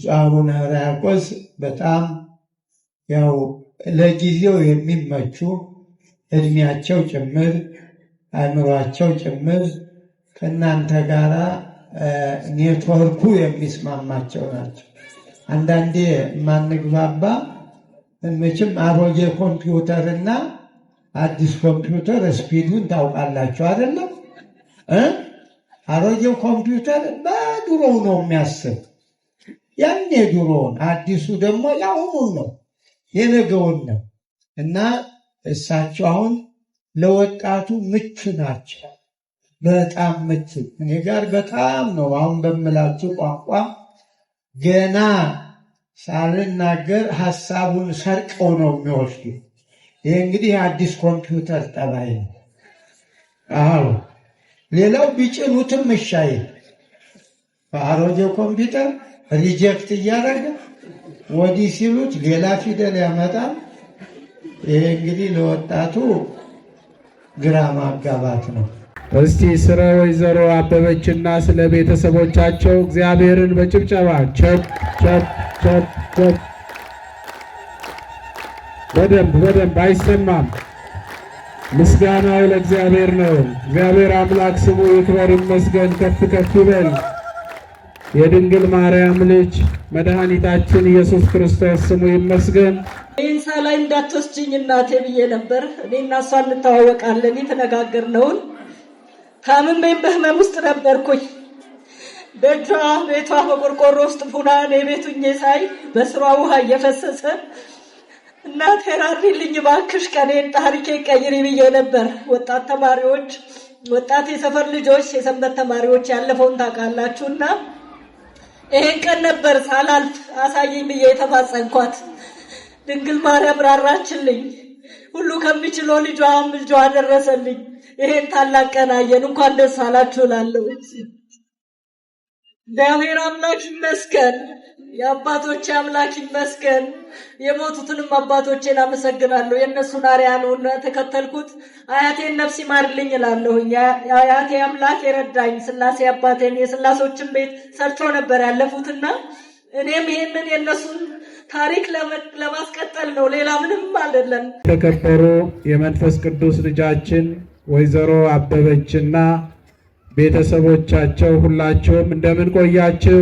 ብፁዕ አቡነ ሕርያቆስ በጣም ያው ለጊዜው የሚመቹ እድሜያቸው ጭምር አእምሯቸው ጭምር ከእናንተ ጋር ኔትወርኩ የሚስማማቸው ናቸው። አንዳንዴ የማንግባባ መቼም አሮጌ ኮምፒውተር እና አዲስ ኮምፒውተር ስፒዱን ታውቃላችሁ አይደለም? አሮጌው ኮምፒውተር በድሮው ነው የሚያስብ ያን የድሮውን፣ አዲሱ ደግሞ የአሁኑን ነው የነገውን ነው እና እሳቸው አሁን ለወጣቱ ምቹ ናቸው። በጣም ምቹ እኔ ጋር በጣም ነው። አሁን በምላችሁ ቋንቋ ገና ሳልናገር ሀሳቡን ሰርቀው ነው የሚወስዱ። ይህ እንግዲህ አዲስ ኮምፒውተር ጠባይ ነው። ሌላው ቢጭኑትም እሻይ በአሮጌ ኮምፒውተር ሪጀክት እያደረገ ወዲህ ሲሉት ሌላ ፊደል ያመጣል። ይሄ እንግዲህ ለወጣቱ ግራ ማጋባት ነው። እስቲ ስለ ወይዘሮ አበበችና ስለ ቤተሰቦቻቸው እግዚአብሔርን በጭብጨባ ቸብ ቸብ ቸብ ቸብ። በደንብ በደንብ አይሰማም። ምስጋናው ለእግዚአብሔር ነው። እግዚአብሔር አምላክ ስሙ ይክበር ይመስገን፣ ከፍ ከፍ ይበል። የድንግል ማርያም ልጅ መድኃኒታችን ኢየሱስ ክርስቶስ ስሙ ይመስገን። ይህንሳ ላይ እንዳትወስጅኝ እናቴ ብዬ ነበር። እኔ እና እሷ እንተዋወቃለን። የተነጋገርነውን ታምሜም በህመም ውስጥ ነበርኩኝ። በእጇ ቤቷ በቆርቆሮ ውስጥ ቡና እኔ ቤቱኜ ሳይ በስሯ ውሃ እየፈሰሰ እናቴ ራሪልኝ ባክሽ ቀኔን ታሪኬ ቀይሪ ብዬ ነበር። ወጣት ተማሪዎች፣ ወጣት የሰፈር ልጆች፣ የሰንበት ተማሪዎች ያለፈውን ታውቃላችሁና ይሄን ቀን ነበር ሳላልፍ አሳየኝ ብዬ የተማጸንኳት ድንግል ማርያም ራራችልኝ። ሁሉ ከሚችለው ልጇ ልጇ ደረሰልኝ። ይሄን ታላቅ ቀን አየን። እንኳን ደስ አላችሁ እላለሁ። እግዚአብሔር አምላክ ይመስገን፣ የአባቶቼ አምላክ ይመስገን። የሞቱትንም አባቶቼን አመሰግናለሁ። የእነሱን አርያ ነው ተከተልኩት። አያቴን ነፍስ ይማርልኝ እላለሁኝ። አያቴ አምላክ የረዳኝ ስላሴ አባቴን የስላሶችን ቤት ሰርቶ ነበር ያለፉትና እኔም ይህንን የእነሱን ታሪክ ለማስቀጠል ነው፣ ሌላ ምንም አይደለም። የተከበሩ የመንፈስ ቅዱስ ልጃችን ወይዘሮ አበበችና ቤተሰቦቻቸው ሁላቸውም እንደምን ቆያችሁ?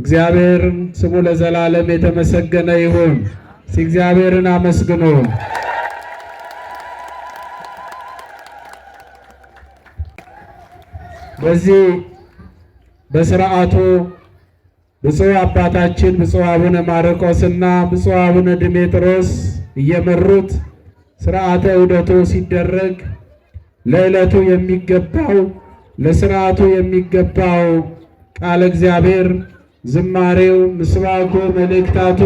እግዚአብሔር ስሙ ለዘላለም የተመሰገነ ይሁን። እስኪ እግዚአብሔርን አመስግኑ። በዚህ በስርዓቱ ብፁዕ አባታችን ብፁዕ አቡነ ማርቆስና ብፁዕ አቡነ ድሜጥሮስ እየመሩት ስርዓተ ዕውደቱ ሲደረግ ለዕለቱ የሚገባው ለስርዓቱ የሚገባው ቃለ እግዚአብሔር ዝማሬው፣ ምስባኩ፣ መልእክታቱ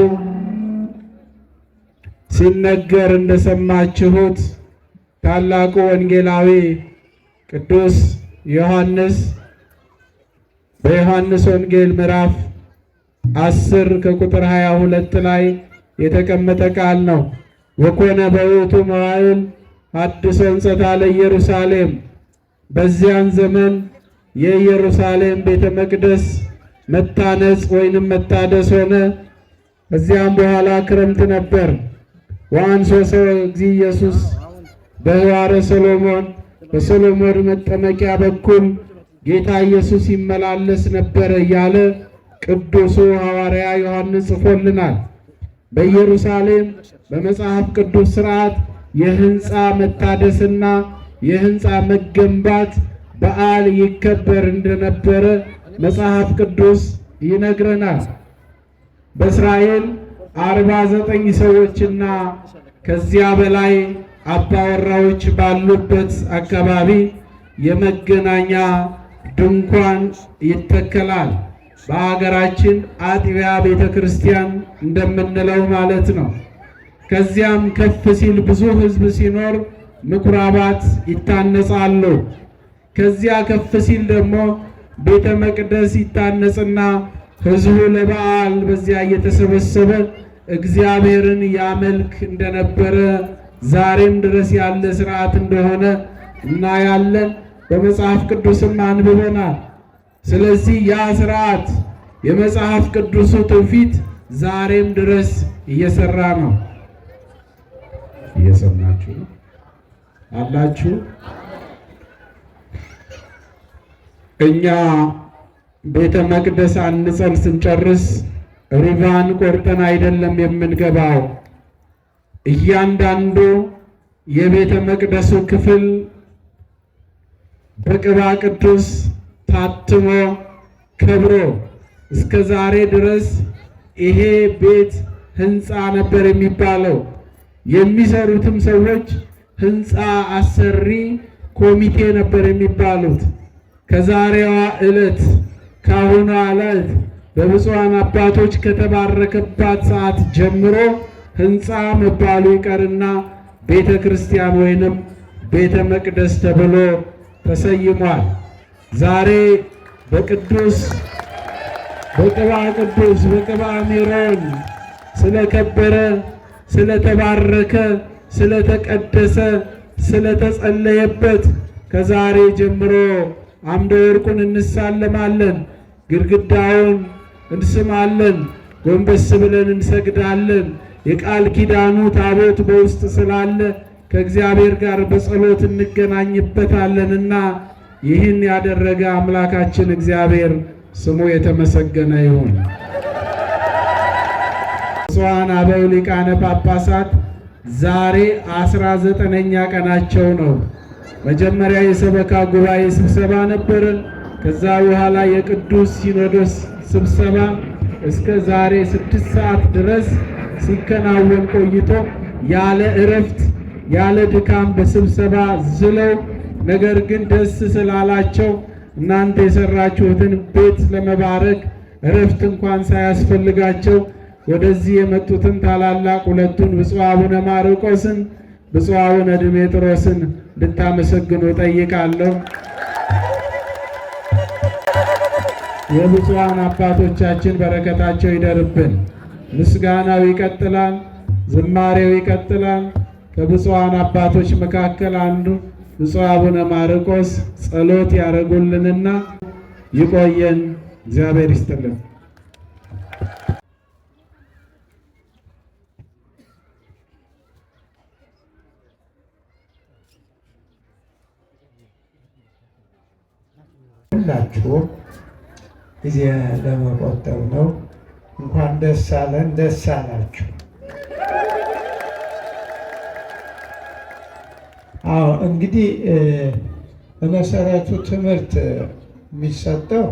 ሲነገር እንደሰማችሁት ታላቁ ወንጌላዊ ቅዱስ ዮሐንስ በዮሐንስ ወንጌል ምዕራፍ አስር ከቁጥር ሀያ ሁለት ላይ የተቀመጠ ቃል ነው። ወኮነ በውእቱ መዋዕል አድሰ እንጸታ ለኢየሩሳሌም። በዚያን ዘመን የኢየሩሳሌም ቤተ መቅደስ መታነጽ ወይንም መታደስ ሆነ። እዚያም በኋላ ክረምት ነበር። ወአንሶ ሰው እግዚ ኢየሱስ በህዋረ ሰሎሞን በሰሎሞን መጠመቂያ በኩል ጌታ ኢየሱስ ይመላለስ ነበር እያለ ቅዱሱ ሐዋርያ ዮሐንስ ጽፎልናል። በኢየሩሳሌም በመጽሐፍ ቅዱስ ሥርዓት የህንፃ መታደስና የህንፃ መገንባት በዓል ይከበር እንደነበረ መጽሐፍ ቅዱስ ይነግረናል። በእስራኤል አርባ ዘጠኝ ሰዎችና ከዚያ በላይ አባወራዎች ባሉበት አካባቢ የመገናኛ ድንኳን ይተከላል። በሀገራችን አጥቢያ ቤተ ክርስቲያን እንደምንለው ማለት ነው። ከዚያም ከፍ ሲል ብዙ ሕዝብ ሲኖር ምኩራባት ይታነጻሉ። ከዚያ ከፍ ሲል ደግሞ ቤተ መቅደስ ይታነጽና ሕዝቡ ለበዓል በዚያ እየተሰበሰበ እግዚአብሔርን ያመልክ እንደነበረ ዛሬም ድረስ ያለ ስርዓት እንደሆነ እናያለን፣ በመጽሐፍ ቅዱስም አንብበናል። ስለዚህ ያ ስርዓት የመጽሐፍ ቅዱሱ ትውፊት ዛሬም ድረስ እየሰራ ነው። እየሰማችሁ አላችሁ። እኛ ቤተ መቅደስ አንጸን ስንጨርስ ሪቫን ቆርጠን አይደለም የምንገባው። እያንዳንዱ የቤተ መቅደሱ ክፍል በቅባ ቅዱስ ታትሞ ከብሮ እስከ ዛሬ ድረስ ይሄ ቤት ህንፃ ነበር የሚባለው። የሚሰሩትም ሰዎች ህንፃ አሰሪ ኮሚቴ ነበር የሚባሉት። ከዛሬዋ ዕለት ከአሁኗ ዕለት በብፁዓን አባቶች ከተባረከባት ሰዓት ጀምሮ ህንፃ መባሉ ይቀርና ቤተ ክርስቲያን ወይንም ቤተ መቅደስ ተብሎ ተሰይሟል። ዛሬ በቅዱስ በቅባ ቅዱስ በቅባ ሜሮን ስለከበረ ስለተባረከ፣ ስለተቀደሰ፣ ስለተጸለየበት ከዛሬ ጀምሮ አምደ ወርቁን እንሳለማለን፣ ግድግዳውን እንስማለን፣ ጎንበስ ብለን እንሰግዳለን። የቃል ኪዳኑ ታቦት በውስጥ ስላለ ከእግዚአብሔር ጋር በጸሎት እንገናኝበታለንና ይህን ያደረገ አምላካችን እግዚአብሔር ስሙ የተመሰገነ ይሁን። ብፁዓን አበው ሊቃነ ጳጳሳት ዛሬ አስራ ዘጠነኛ ቀናቸው ነው። መጀመሪያ የሰበካ ጉባኤ ስብሰባ ነበረ። ከዛ በኋላ የቅዱስ ሲኖዶስ ስብሰባ እስከ ዛሬ ስድስት ሰዓት ድረስ ሲከናወን ቆይቶ ያለ እረፍት ያለ ድካም በስብሰባ ዝለው፣ ነገር ግን ደስ ስላላቸው እናንተ የሰራችሁትን ቤት ለመባረክ እረፍት እንኳን ሳያስፈልጋቸው ወደዚህ የመጡትን ታላላቅ ሁለቱን ብፁዕ አቡነ ማርቆስን ብፁዕ አቡነ ድሜጥሮስን እንድታመሰግኑ ጠይቃለሁ። የብፁዓን አባቶቻችን በረከታቸው ይደርብን። ምስጋናው ይቀጥላል፣ ዝማሬው ይቀጥላል። ከብፁዓን አባቶች መካከል አንዱ ብፁዕ አቡነ ማርቆስ ጸሎት ያደረጉልንና ይቆየን። እግዚአብሔር ይስጥልን። ሁላችሁም ጊዜ ለመቆጠብ ነው። እንኳን ደስ አለን፣ ደስ አላችሁ። አዎ እንግዲህ በመሰረቱ ትምህርት የሚሰጠው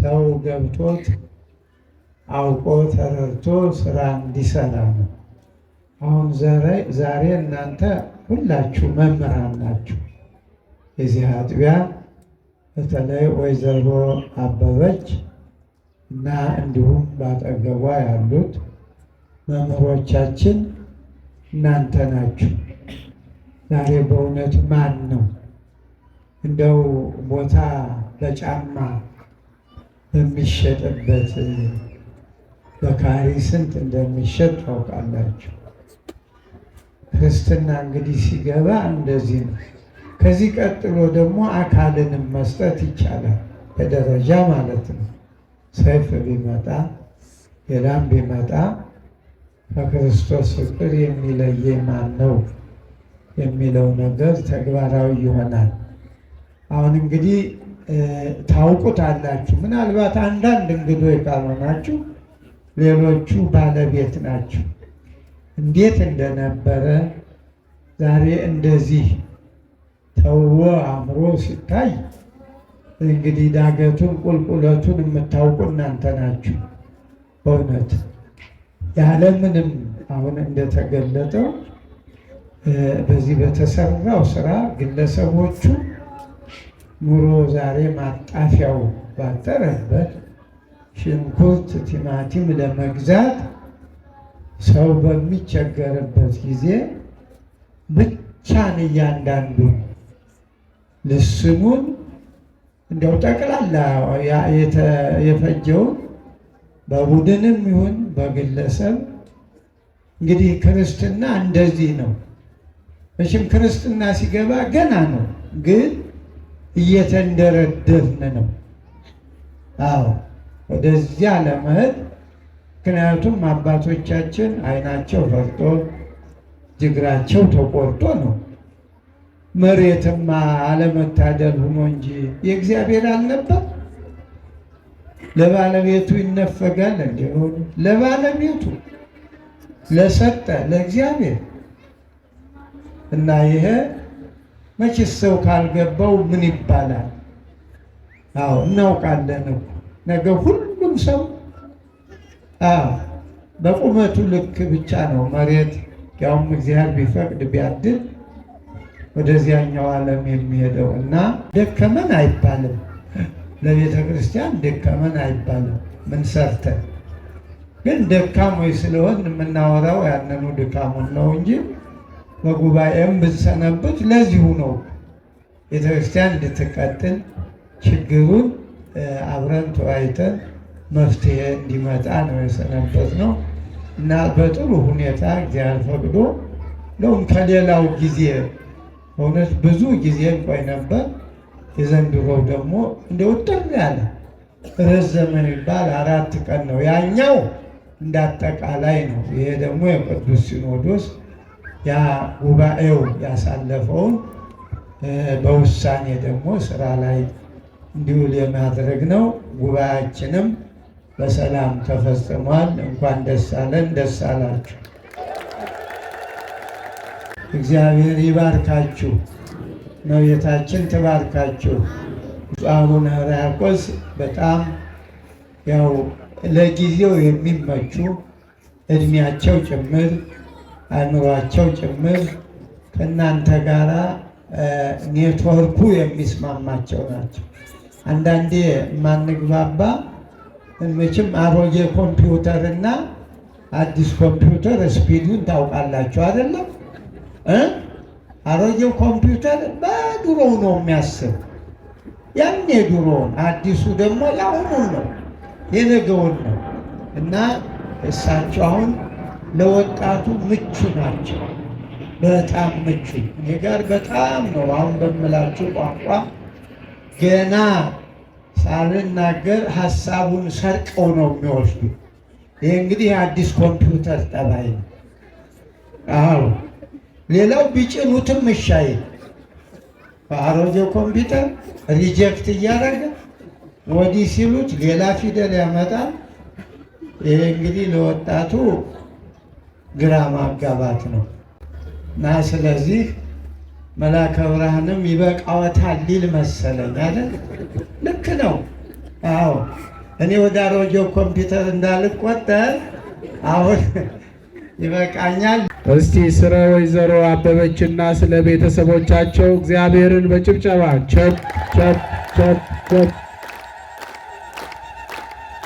ሰው ገብቶት አውቆ ተረድቶ ስራ እንዲሰራ ነው። አሁን ዛሬ እናንተ ሁላችሁ መምህራን ናችሁ የዚህ አጥቢያ በተለይ ወይዘሮ አበበች እና እንዲሁም ባጠገቧ ያሉት መምህሮቻችን እናንተ ናችሁ። ዛሬ በእውነት ማን ነው እንደው ቦታ በጫማ በሚሸጥበት በካሪ ስንት እንደሚሸጥ ታውቃላችሁ። ክርስትና እንግዲህ ሲገባ እንደዚህ ነው። ከዚህ ቀጥሎ ደግሞ አካልንም መስጠት ይቻላል፣ በደረጃ ማለት ነው። ሰይፍ ቢመጣ ሌላም ቢመጣ ከክርስቶስ ፍቅር የሚለየ ማን ነው የሚለው ነገር ተግባራዊ ይሆናል። አሁን እንግዲህ ታውቁት አላችሁ ምናልባት አንዳንድ እንግዶች ካልሆናችሁ ሌሎቹ ባለቤት ናችሁ። እንዴት እንደነበረ ዛሬ እንደዚህ ተውቦ አምሮ ሲታይ እንግዲህ ዳገቱን ቁልቁለቱን የምታውቁ እናንተ ናችሁ። በእውነት ያለምንም አሁን እንደተገለጠው በዚህ በተሰራው ስራ ግለሰቦቹ ኑሮ ዛሬ ማጣፊያው ባጠረበት ሽንኩርት፣ ቲማቲም ለመግዛት ሰው በሚቸገርበት ጊዜ ብቻን እያንዳንዱ ልስኑን እንዲያው ጠቅላላ የፈጀውን በቡድንም ይሁን በግለሰብ እንግዲህ ክርስትና እንደዚህ ነው። መቼም ክርስትና ሲገባ ገና ነው፣ ግን እየተንደረደርን ነው። አዎ ወደዚያ ለመሄድ ምክንያቱም አባቶቻችን አይናቸው ፈርጦ ጅግራቸው ተቆርጦ ነው መሬትማ አለመታደል ሆኖ እንጂ የእግዚአብሔር አልነበር። ለባለቤቱ ይነፈጋል እንዲሆኑ ለባለቤቱ ለሰጠ ለእግዚአብሔር እና ይሄ መቼስ ሰው ካልገባው ምን ይባላል? አዎ እናውቃለን። ነገ ሁሉም ሰው በቁመቱ ልክ ብቻ ነው መሬት ያውም እግዚአብሔር ቢፈቅድ ቢያድል ወደዚያኛው ዓለም የሚሄደው እና ደከመን አይባልም። ለቤተ ክርስቲያን ደከመን አይባልም። ምን ሰርተን ግን ደካሞች ስለሆን የምናወራው ያንኑ ድካሙን ነው እንጂ በጉባኤም ብንሰነብት ለዚሁ ነው። ቤተ ክርስቲያን እንድትቀጥል ችግሩን አብረን ተወያይተን መፍትሄ እንዲመጣ ነው የሰነበት ነው እና በጥሩ ሁኔታ እግዚአብሔር ፈቅዶ እንደውም ከሌላው ጊዜ እውነት ብዙ ጊዜ እንቆይ ነበር። የዘንድሮው ደግሞ እንደ ውጥር ያለ ረዘመ የሚባል አራት ቀን ነው። ያኛው እንዳጠቃላይ ነው። ይሄ ደግሞ የቅዱስ ሲኖዶስ ያ ጉባኤው ያሳለፈውን በውሳኔ ደግሞ ስራ ላይ እንዲውል የማድረግ ነው። ጉባኤያችንም በሰላም ተፈጽሟል። እንኳን ደስ አለን፣ ደስ አላችሁ። እግዚአብሔር ይባርካችሁ፣ መቤታችን ትባርካችሁ። አቡነ ሕርያቆስ በጣም ያው ለጊዜው የሚመቹ እድሜያቸው ጭምር አእምሯቸው ጭምር ከእናንተ ጋራ ኔትወርኩ የሚስማማቸው ናቸው። አንዳንዴ የማንግባባ መቼም አሮጌ ኮምፒውተር እና አዲስ ኮምፒውተር ስፒዱን ታውቃላችሁ አይደለም? አሮጌው ኮምፒውተር በድሮው ነው የሚያስብ ያኔ የድሮውን አዲሱ ደግሞ የአሁኑን ነው የነገውን ነው እና እሳቸው አሁን ለወጣቱ ምቹ ናቸው። በጣም ምቹ እኔ ጋር በጣም ነው አሁን በምላችሁ ቋንቋ ገና ሳልናገር ሀሳቡን ሰርቀው ነው የሚወስዱ። ይህ እንግዲህ አዲስ ኮምፒውተር ጠባይ ነው። አዎ ሌላው ቢጭኑትም እሻይ በአሮጆ ኮምፒውተር ሪጀክት እያደረገ ወዲህ ሲሉት ሌላ ፊደል ያመጣል። ይሄ እንግዲህ ለወጣቱ ግራ ማጋባት ነው እና ስለዚህ መላከ ብርሃንም ይበቃወታል ሊል መሰለኝ አይደል? ልክ ነው። አዎ እኔ ወደ አሮጆ ኮምፒውተር እንዳልቆጠር አሁን ይበቃኛል። እስቲ ስለ ወይዘሮ አበበችና ስለ ቤተሰቦቻቸው እግዚአብሔርን በጭብጨባ ቸብ ቸብ ቸብ ቸብ።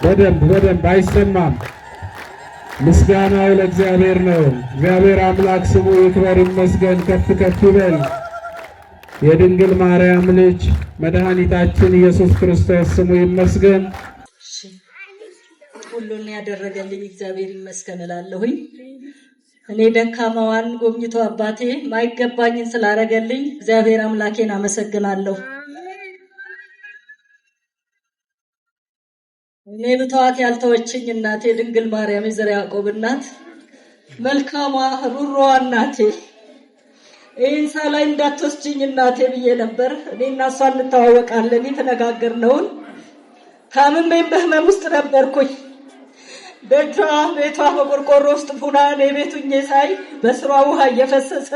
በደንብ በደንብ አይሰማም። ምስጋናው ለእግዚአብሔር ነው። እግዚአብሔር አምላክ ስሙ ይክበር ይመስገን፣ ከፍ ከፍ ይበል። የድንግል ማርያም ልጅ መድኃኒታችን ኢየሱስ ክርስቶስ ስሙ ይመስገን። ሁሉን ያደረገልኝ እግዚአብሔር ይመስገን እላለሁኝ። እኔ ደካማዋን ጎብኝቶ አባቴ ማይገባኝን ስላደረገልኝ እግዚአብሔር አምላኬን አመሰግናለሁ። እኔ ብተዋት ያልተወችኝ እናቴ ድንግል ማርያም የዘር ያዕቆብ እናት፣ መልካሟ ሩሮዋ እናቴ ይህን ላይ እንዳትወስጅኝ እናቴ ብዬ ነበር። እኔ እና እሷ እንተዋወቃለን የተነጋገርነውን ታምሜም በህመም ውስጥ ነበርኩኝ። በእጇ ቤቷ በቆርቆሮ ውስጥ ቡና እኔ ቤቱኝ ሳይ በስሯ ውሃ እየፈሰሰ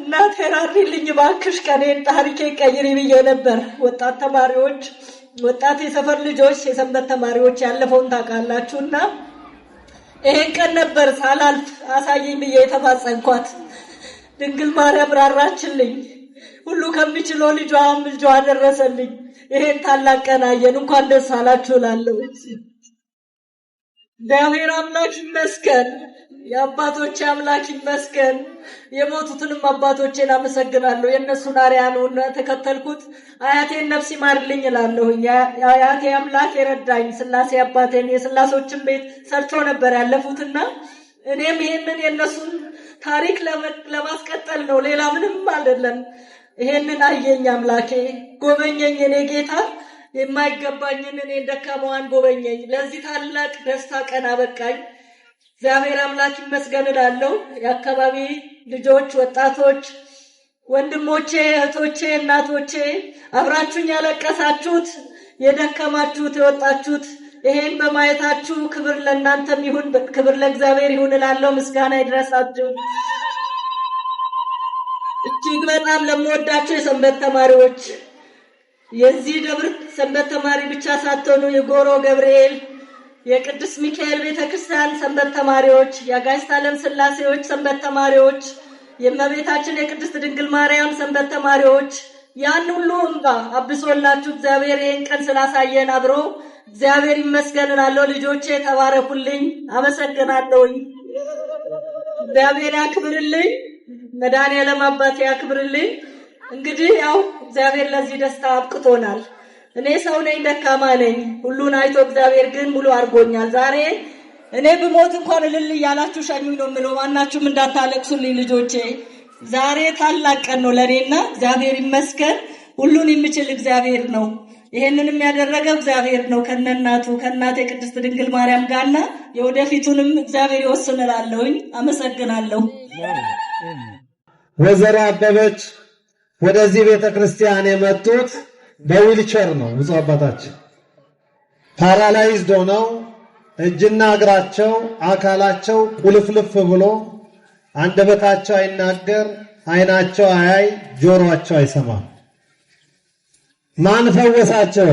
እናቴ ራሪልኝ እባክሽ ቀኔን ታሪኬ ቀይሪ ብዬ ነበር። ወጣት ተማሪዎች፣ ወጣት የሰፈር ልጆች፣ የሰንበት ተማሪዎች ያለፈውን እና ይሄን ቀን ነበር ሳላልፍ አሳይኝ ብዬ የተማጸንኳት ድንግል ማርያም ራራችልኝ። ሁሉ ከሚችለው ልጇም ልጇ ደረሰልኝ። ይሄን ታላቅ ቀን አየን። እንኳን ደስ አላችሁ እላለሁ። እግዚአብሔር አምላክ ይመስገን፣ የአባቶቼ አምላክ ይመስገን። የሞቱትንም አባቶቼን አመሰግናለሁ። የእነሱን አርያ ነው ተከተልኩት። አያቴን ነፍስ ይማርልኝ እላለሁኝ። አያቴ አምላክ የረዳኝ ስላሴ አባቴን የስላሶችን ቤት ሰርቶ ነበር ያለፉትና እኔም ይህንን የእነሱን ታሪክ ለማስቀጠል ነው፣ ሌላ ምንም አይደለም። ይሄንን አየኝ አምላኬ፣ ጎበኘኝ እኔ ጌታ የማይገባኝን እኔ ደካማዋን ጎበኘኝ። ለዚህ ታላቅ ደስታ ቀን አበቃኝ። እግዚአብሔር አምላክ ይመስገን እላለሁ። የአካባቢ ልጆች፣ ወጣቶች፣ ወንድሞቼ፣ እህቶቼ፣ እናቶቼ አብራችሁን ያለቀሳችሁት፣ የደከማችሁት፣ የወጣችሁት ይሄን በማየታችሁ ክብር ለእናንተም ይሁን፣ ክብር ለእግዚአብሔር ይሁን እላለሁ። ምስጋና ይድረሳችሁ። እጅግ በጣም ለምወዳቸው የሰንበት ተማሪዎች የዚህ ደብር ሰንበት ተማሪ ብቻ ሳትሆኑ የጎሮ ገብርኤል፣ የቅዱስ ሚካኤል ቤተ ክርስቲያን ሰንበት ተማሪዎች፣ የአጋዕዝተ ዓለም ስላሴዎች ሰንበት ተማሪዎች፣ የእመቤታችን የቅድስት ድንግል ማርያም ሰንበት ተማሪዎች ያን ሁሉ እንባ አብሶላችሁ እግዚአብሔር ይህን ቀን ስላሳየን አብሮ እግዚአብሔር ይመስገን እላለሁ። ልጆቼ ተባረኩልኝ። አመሰግናለሁኝ። እግዚአብሔር ያክብርልኝ። መድኃኔዓለም አባቴ ያክብርልኝ። እንግዲህ ያው እግዚአብሔር ለዚህ ደስታ አብቅቶናል። እኔ ሰው ነኝ፣ ደካማ ነኝ። ሁሉን አይቶ እግዚአብሔር ግን ሙሉ አድርጎኛል። ዛሬ እኔ ብሞት እንኳን እልል እያላችሁ ሸኙኝ ነው የምለው። ማናችሁም እንዳታለቅሱልኝ ልጆቼ። ዛሬ ታላቅ ቀን ነው ለእኔና እግዚአብሔር ይመስገን። ሁሉን የሚችል እግዚአብሔር ነው። ይሄንንም ያደረገው እግዚአብሔር ነው። ከነናቱ ከእናቴ ቅድስት ድንግል ማርያም ጋርና የወደፊቱንም እግዚአብሔር ይወስንላለሁኝ። አመሰግናለሁ። ወይዘሮ አበበች ወደዚህ ቤተ ክርስቲያን የመጡት በዊልቸር ነው። ብፁዕ አባታችን ፓራላይዝድ ሆነው እጅና እግራቸው አካላቸው ቁልፍልፍ ብሎ አንደበታቸው አይናገር፣ አይናቸው አያይ፣ ጆሮአቸው አይሰማም። ማን ፈወሳቸው?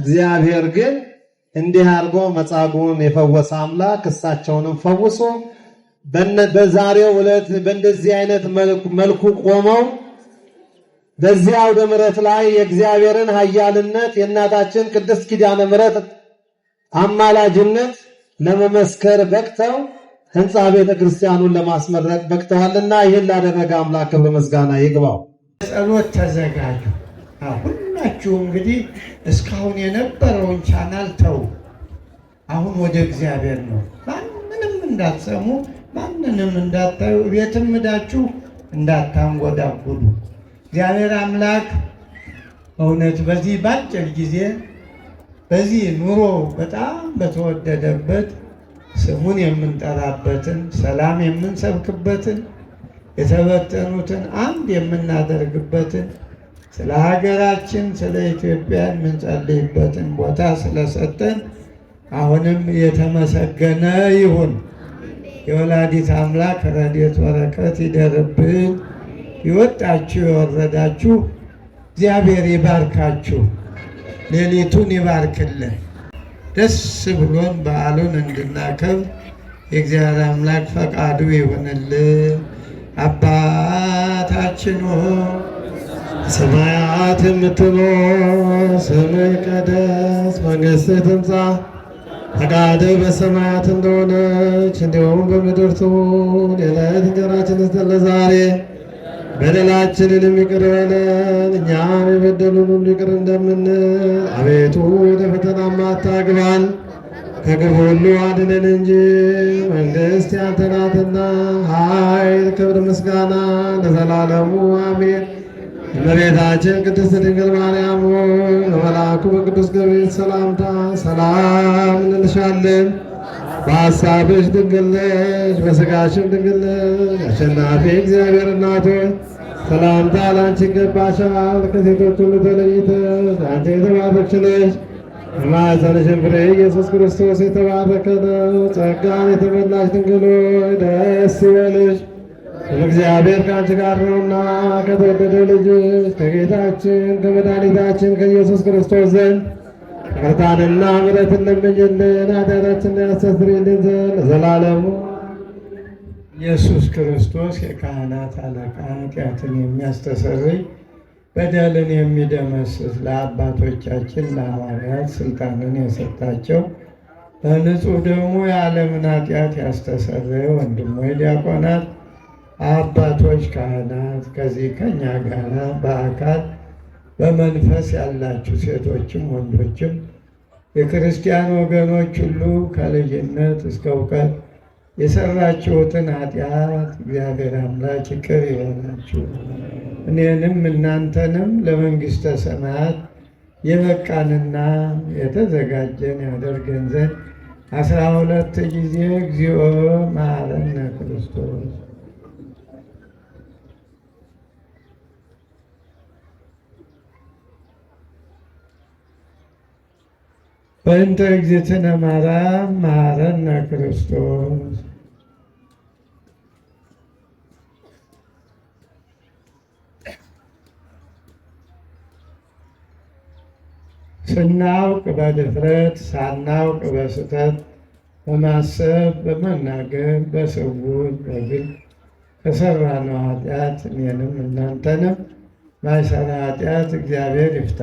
እግዚአብሔር ግን እንዲህ አድርጎ መጻጉዕን የፈወሰ አምላክ እሳቸውንም ፈውሶ በዛሬው ዕለት በእንደዚህ አይነት መልኩ ቆመው በዚህ አውደ ምረት ላይ የእግዚአብሔርን ኃያልነት የእናታችን ቅድስት ኪዳነ ምረት አማላጅነት ለመመስከር በቅተው ህንፃ ቤተ ክርስቲያኑን ለማስመረቅ በቅተዋልና ይህን ላደረገ አምላክ በምስጋና ይግባው። ጸሎት ተዘጋጁ። ሁላችሁ እንግዲህ እስካሁን የነበረውን ቻናል ተው። አሁን ወደ እግዚአብሔር ነው። ማንንም እንዳትሰሙ፣ ማንንም እንዳታዩ፣ ቤትም ሄዳችሁ እንዳታንጎዳጉዱ። እግዚአብሔር አምላክ በእውነት በዚህ ባጭር ጊዜ በዚህ ኑሮ በጣም በተወደደበት ስሙን የምንጠራበትን ሰላም የምንሰብክበትን የተበተኑትን አንድ የምናደርግበትን ስለ ሀገራችን ስለ ኢትዮጵያ የምንጸልይበትን ቦታ ስለሰጠን አሁንም የተመሰገነ ይሁን። የወላዲት አምላክ ረድኤት በረከት ይደርብን። የወጣችሁ የወረዳችሁ እግዚአብሔር ይባርካችሁ፣ ሌሊቱን ይባርክልን። ደስ ብሎን በዓሉን እንድናከብር የእግዚአብሔር አምላክ ፈቃዱ ይሆንልን። አባታችን ሰማያት የምትኖር ስምህ ይቀደስ፣ መንግሥትህ ትምጣ፣ ፈቃድህ በሰማያት እንደሆነች እንዲሁም በምድር ትሁን። የዕለት እንጀራችንን ስጠን ዛሬ በደላችንንም ይቅር በለን እኛም የበደሉን ሁሉ ይቅር እንደምንል። አቤቱ ወደ ፈተና አታግባን ከክፉ ሁሉ አድነን እንጂ መንግሥት ያንተ ናትና፣ ኃይል፣ ክብር፣ ምስጋና ለዘላለሙ አሜን። እመቤታችን ቅድስት ድንግል ማርያም ሆይ በመልአኩ በቅዱስ ገብርኤል ሰላምታ ሰላም እንልሻለን። በሀሳብሽ ድንግል ነሽ፣ በሥጋሽም ድንግል ነሽ። አሸናፊ እግዚአብሔር እናት ሰላምታ ላንቺ ይገባሻል። ከሴቶች ሁሉ ተለይተሽ አንቺ የተባረክሽ ነሽ። የማኅፀንሽም ፍሬ ኢየሱስ ክርስቶስ የተባረከ ነው። ጸጋን የተመላሽ ድንግል ሆይ ደስ ይበልሽ፣ እግዚአብሔር ከአንቺ ጋር ነውና ከተወደደ ልጅሽ ከጌታችን ከመድኃኒታችን ከኢየሱስ ክርስቶስ ዘንድ ይቅርታንና ምሕረትን ለምኝልን ኃጢአታችንን ያስተሰርይልን ዘንድ ለዘላለሙ ኢየሱስ ክርስቶስ የካህናት አለቃ ኃጢአትን የሚያስተሰርይ በደልን የሚደመስስ ለአባቶቻችን ለሐዋርያት ስልጣንን የሰጣቸው በንጹሕ ደግሞ የዓለምን ኃጢአት ያስተሰረየ ወንድሞ ዲያቆናት አባቶች ካህናት ከዚህ ከኛ ጋር በአካል በመንፈስ ያላችሁ ሴቶችም ወንዶችም የክርስቲያን ወገኖች ሁሉ ከልጅነት እስከ እውቀት የሰራችሁትን ኃጢአት እግዚአብሔር አምላክ ይቅር ይበላችሁ፣ እኔንም እናንተንም ለመንግሥተ ሰማያት የበቃንና የተዘጋጀን ያደርገን ዘንድ አስራ ሁለት ጊዜ እግዚኦ መሐረነ ክርስቶስ በእንተ እግዝእትነ ማርያም መሐረነ ክርስቶስ ስናውቅ በድፍረት ሳናውቅ በስተት በማሰብ በመናገር በስውር በግል ከሰራነው ኃጢአት እኔንም እናንተንም ማይሰራ ኃጢአት እግዚአብሔር ይፍታ።